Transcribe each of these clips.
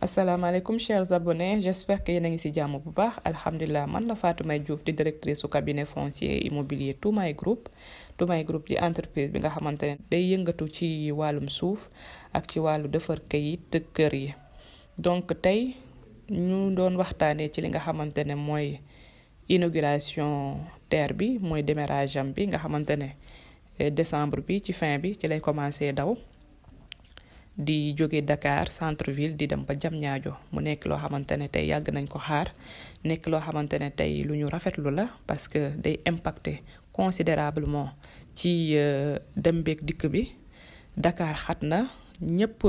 alaikum chers abonnés j'espère que vous allez bien. ci jàmm bu baax alhamdulilah Fatou directrice au cabinet foncier immobilier Toumaï Group Toumaï Group di entreprise bi nga xamante ne day yëngatu ci wàllum suuf ak ci de defar kayit kër yi donc aujourd'hui, nous doon waxtaanee ci li nga xamante ne inauguration terre bi mooy démarrage bi nga xamantene eh, décembre bi ci fin bi ci lay commencé daw. di jóge Dakar centre ville di dem ba jam ñaajo mu nekk loo xamante ne tey yàgg nañ ko xaar nekk loo xamante ne tey lu ñu rafetlu la parce que day impacter considérablement ci euh, dem beeg dikk bi Dakar xat na ñëpp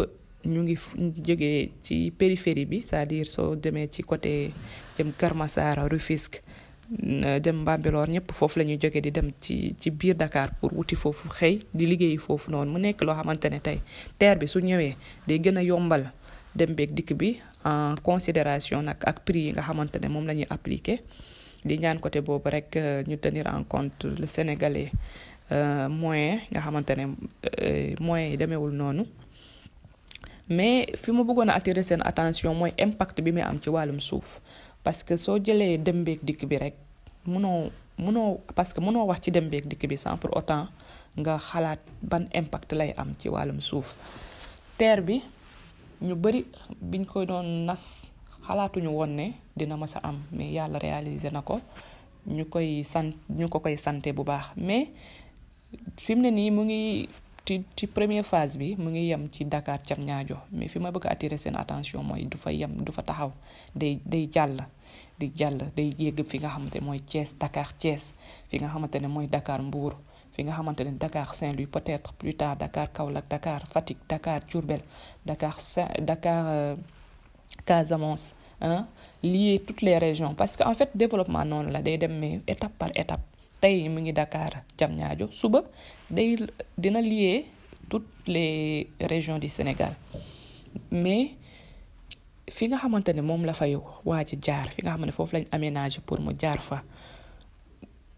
ñu ngi jógee ci périphérie bi c'est-à-dire soo demee ci côté jëm Kër Massar Rufisque dem Bambilor ñëpp foofu la ñuy jógee di dem ci ci biir Dakar pour wuti foofu xëy di liggéeyi foofu noonu mu nekk loo xamante ne tey TER bi su ñëwee day gën a yombal dem beeg dikk bi en considération nag ak prix yi nga xamante ne moom la ñuy appliqué di ñaan côté boobu rek euh, ñu tenir en compte le sénégalais euh, moyen nga xamante ne euh, moyen yi demeewul noonu mais fi mu bëggoon a seen attention mooy impact bi muy am ci wàllum suuf. parce que soo jëlee dem beeg dikk bi rek mënoo mënoo parce que mënoo wax ci dem beeg dikk bi sans pour autant nga xalaat ban impact lay am ci wàllum suuf terre bi ñu bëri biñ koy doon nas xalaatuñu woon ne dina mës a am mais yàlla réaliser na ko ñu koy sant koy sante bu baax mais fi ne nii mu ngi ci ci première phase bi mu ngi yem ci Dakar Diamniadio mais fi ma bëgg a attirer seen attention mooy du fa yem du fa taxaw day day jàll di jàll day yégg fi nga xamante ne mooy Thiès Dakar Thiès fi nga xamante ne mooy Dakar Mbour fi nga xamante ne Dakar Saint-Louis peut-être plus tard Dakar Kaolack Dakar Fatick Dakar Diourbel Dakar Saint Dakar euh, Casamance hein, lier toutes les régions parce que en fait développement noonu la day dem mais étape par étape tey mi ngi Dakar jam ñaajo suba day dina lier toutes les régions du Sénégal mais fi nga xamante ne moom la fay waaj jaar fi nga xam ne foofu lañ aménager pour mu jaar fa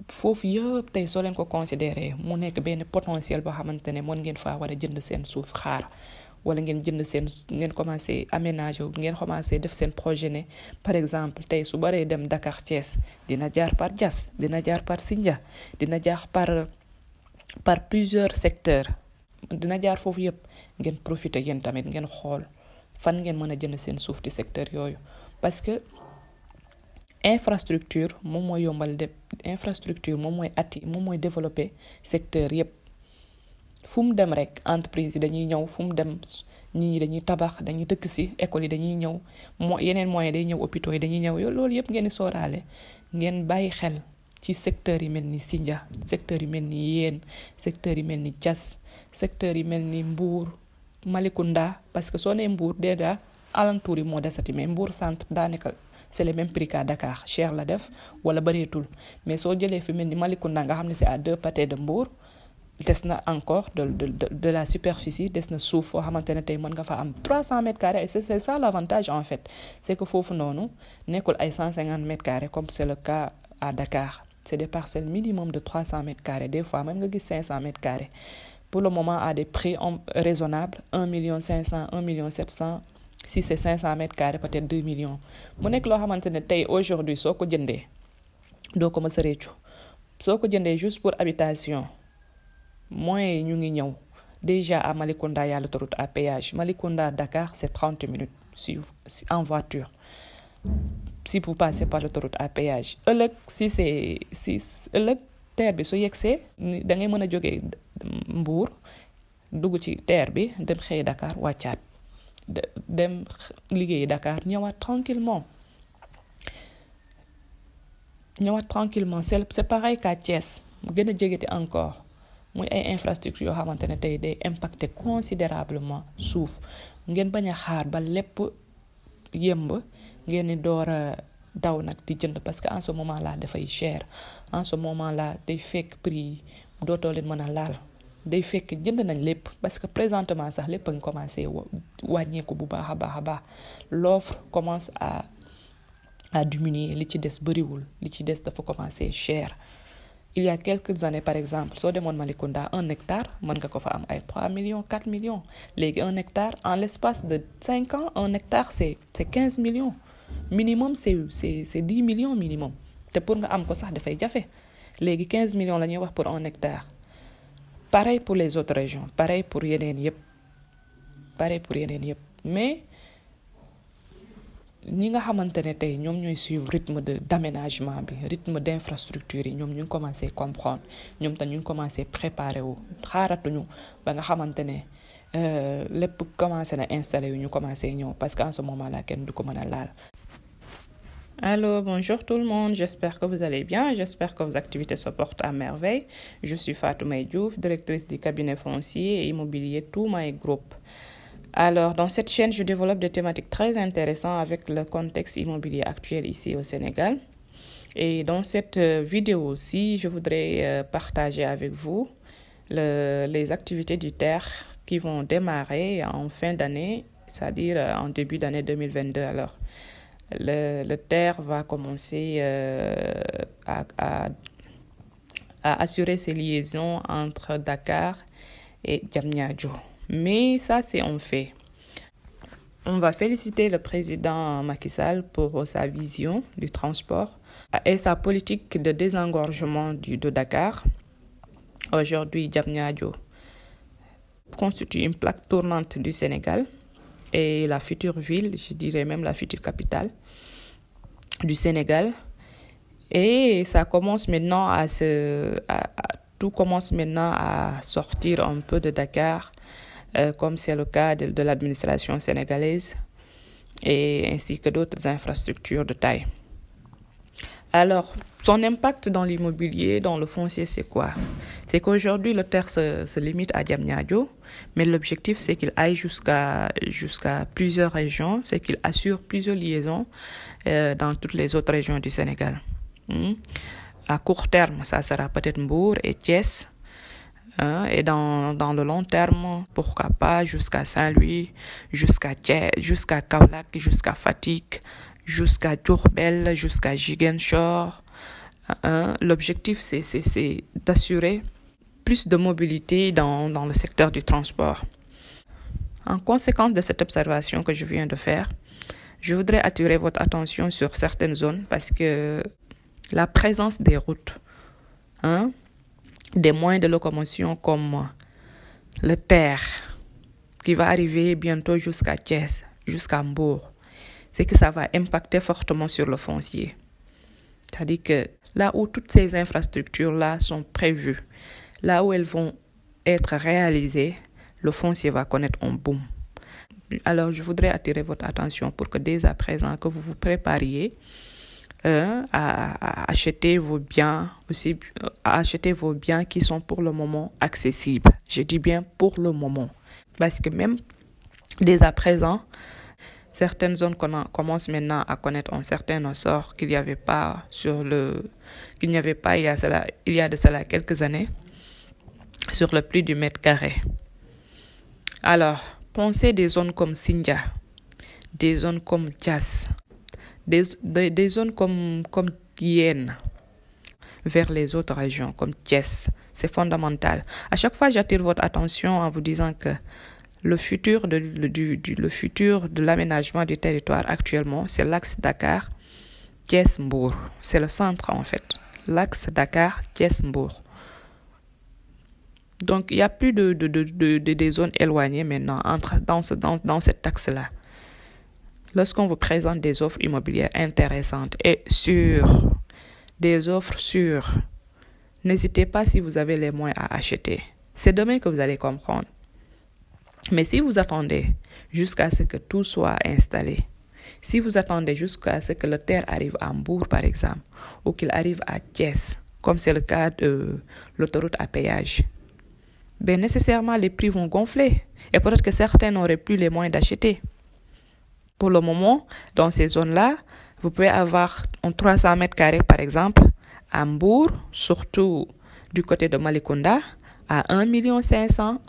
foofu yëpp tey soo leen ko considéré mu nekk benn potentiel boo xamante ne mën ngeen faa war a jënd seen suuf xaar wala ngeen jënd seen ngeen commencé aménager ngeen commencé def seen projet ne par exemple tey su baree dem Dakar Thiès dina jaar par Dias dina jaar par Sindia dina jaar par par plusieurs secteurs dina jaar foofu yëpp ngeen profiter yéen tamit ngeen xool fan ngeen mën a jënd seen suuf di secteur yooyu parce que infrastructure moom mooy yombal de infrastructure moom mooy atti moom mooy développer secteur yëpp fum dem rek entreprise yi dañuy ñëw fu dem nit ñi dañuy tabax dañuy dëkk si école yi dañuy ñëw mo yeneen moyen day ñëw hôpitaux yi dañuy ñëw yow loolu yëpp ngeen di sektori ngeen bàyyi xel ci secteur yi mel ni sinja secteur yi mel ni Yeen secteur yi mel ni Thiès secteur yi mel ni Mbour Malikunda parce que soo nee Mbour déjà alentour yi moo desati mais Mbour centre daanaka c'est le même prix qu'à Dakar cher la def wala bëreetul mais soo jëlee fi mel ni Malikunda nga xam ne c'est à deux pâtés de des na encore de de de la superficie des na a nga fa am 300 mètres carrés et ça l'avantage en fait c'est que nous nonou ay 150 mètres carrés comme c'est le cas à Dakar C'est des parcelles minimum de 300 mètres carrés des fois même nga 500 mètres carrés pour le moment à des prix raisonnables 1 million 500 1 million 700 si c'est 500 mètres carrés peut être 2 millions mu nekk lo xamantene tay aujourd'hui soko jëndé jëndee ko mës a réccu juste pour habitation moins ñu déjà à Malikonda, il y a l'autoroute à péage malikonda Dakar c'est 30 minutes en voiture si vous passez par l'autoroute à péage si c'est si bi su da ngay a Mbour ci dem Dakar dem liggéey Dakar tranquillement c'est c'est pareil qu'à encore muy ay infrastructure yoo xamante ne tey day impacter considérablement suuf ngeen bañ a xaar ba lépp yemb ngeen di door a daw nag di jënd parce que en ce moment là dafay cher en ce moment là day fekk prix yi dootoo leen mën a laal day fekk jënd nañ lépp parce que présentement sax lépp a ngi commencé wàññeeku bu baax a baax a baax l'offre commence à à diminuer li ci des bëriwul li ci des dafa commencé cher il y a quelques années par exemple le monde, malikunda un hectare on nga ko 3 millions 4 millions un hectare en l'espace de 5 ans un hectare c'est 15 millions minimum c'est 10 millions minimum C'est pour nga am ko fait dafay 15 millions la ñuy pour un hectare pareil pour les autres régions pareil pour Yéden, pareil pour Yéden, mais ñi nga xamante ne tey ñoom suivre rythme de d'aménagement bi rythme d'infrastructure yi avons ñu à commencé comprendre nous avons ñu à commencé préparer wu avons ba nga xamante euh, commencé na installer ñu commencé parce qu'en ce moment là kenn du ko mën a laal. Allô, bonjour tout le monde, j'espère que vous allez bien, j'espère que vos activités se portent à merveille. Je suis Fatou Diouf, directrice du cabinet foncier et immobilier Touma Group. Alors, dans cette chaîne, je développe des thématiques très intéressantes avec le contexte immobilier actuel ici au Sénégal. Et dans cette euh, vidéo aussi, je voudrais euh, partager avec vous les activités du TER qui vont démarrer en fin d'année, c'est-à-dire euh, en début d'année 2022. Alors, le, le, TER va commencer à, assurer ses liaisons entre Dakar et Diamniadio. Mais ça, c'est en fait. On va féliciter le président Macky Sall pour sa vision du transport et sa politique de désengorgement du, de Dakar. Aujourd'hui, Diamniadio constitue une plaque tournante du Sénégal et la future ville, je dirais même la future capitale du Sénégal. Et ça commence maintenant à se... tout commence maintenant à sortir un peu de Dakar euh, comme c'est le cas de, l'administration sénégalaise, et ainsi que d'autres infrastructures de taille. Alors, son impact dans l'immobilier, dans le foncier, c'est quoi C'est qu'aujourd'hui, le terre se, limite à Diamniadio, mais l'objectif, c'est qu'il aille jusqu'à jusqu'à plusieurs régions, c'est qu'il assure plusieurs liaisons euh, dans toutes les autres régions du Sénégal. Hmm? À court terme, ça sera peut-être Mbour et Thiès, Hein, et dans, dans le long terme, pourquoi pas jusqu'à Saint-Louis, jusqu'à jusqu'à jusqu'à Fatik, jusqu'à Tourbel, jusqu'à Gigenshore. Hein. L'objectif, c'est d'assurer plus de mobilité dans, dans le secteur du transport. En conséquence de cette observation que je viens de faire, je voudrais attirer votre attention sur certaines zones parce que la présence des routes, hein, des moyens de locomotion comme euh, le terre qui va arriver bientôt jusqu'à Thiès, jusqu'à Hambourg, c'est que ça va impacter fortement sur le foncier. C'est-à-dire que là où toutes ces infrastructures-là sont prévues, là où elles vont être réalisées, le foncier va connaître un boom. Alors, je voudrais attirer votre attention pour que dès à présent, que vous vous prépariez euh, à, acheter vos biens aussi, à acheter vos biens qui sont pour le moment accessibles. Je dis bien pour le moment, parce que même dès à présent, certaines zones qu'on commence maintenant à connaître un certains sort qu'il n'y avait pas sur le, qu'il n'y avait pas il y a il y a de cela quelques années sur le prix du mètre carré. Alors, pensez des zones comme Sinja, des zones comme Jas, des, zones comme, comme Yen vers les autres régions, comme Thiès. C'est fondamental. À chaque fois, j'attire votre attention en vous disant que le futur de, le futur de l'aménagement du territoire actuellement, c'est l'axe Dakar, Thiès-Mbourg. C'est le centre, en fait. L'axe Dakar, Thiès-Mbourg. Donc, il n'y a plus de, des zones éloignées maintenant entre, dans, dans, dans cet axe-là lorsqu'on vous présente des offres immobilières intéressantes et sûres, des offres sûres, n'hésitez pas si vous avez les moyens à acheter. C'est demain que vous allez comprendre. Mais si vous attendez jusqu'à ce que tout soit installé, si vous attendez jusqu'à ce que le terre arrive à Hambourg, par exemple, ou qu'il arrive à Thiès, comme c'est le cas de l'autoroute à péage, ben nécessairement les prix vont gonfler et peut-être que certains n'auraient plus les moyens d'acheter. Pour le moment, dans ces zones-là, vous pouvez avoir en 300 mètres carrés, par exemple, à Hambourg, surtout du côté de Malekunda, à 1 million, 1 700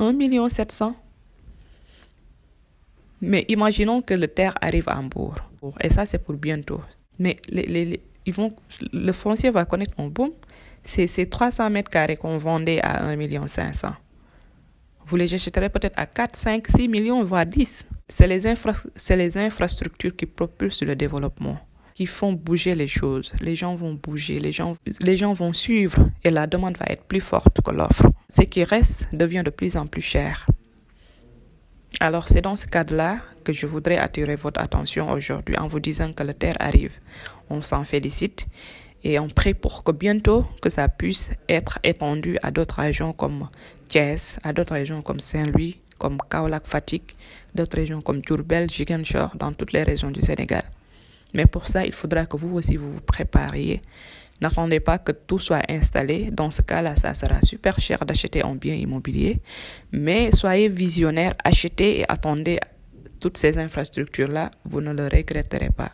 Mais imaginons que le terre arrive à Hambourg. Et ça, c'est pour bientôt. Mais vont, le foncier va connaître un boom. C'est ces 300 mètres carrés qu'on vendait à 1 500 Vous les achèterez peut-être à 4, 5, 6 millions, voire 10. C'est les, infrastructures qui propulsent le développement qui font bouger les choses. Les gens vont bouger, les gens, les gens vont suivre et la demande va être plus forte que l'offre. Ce qui reste devient de plus en plus cher. Alors c'est dans ce cadre-là que je voudrais attirer votre attention aujourd'hui en vous disant que la terre arrive. On s'en félicite et on prie pour que bientôt que ça puisse être étendu à d'autres régions comme Thiès, à d'autres régions comme Saint-Louis, comme Kaolak, Fatik, d'autres régions comme Djurbel, Jigenshore, dans toutes les régions du Sénégal. Mais pour ça, il faudra que vous aussi vous vous prépariez. N'attendez pas que tout soit installé. Dans ce cas-là, ça sera super cher d'acheter un bien immobilier. Mais soyez visionnaire, achetez et attendez toutes ces infrastructures-là. Vous ne le regretterez pas.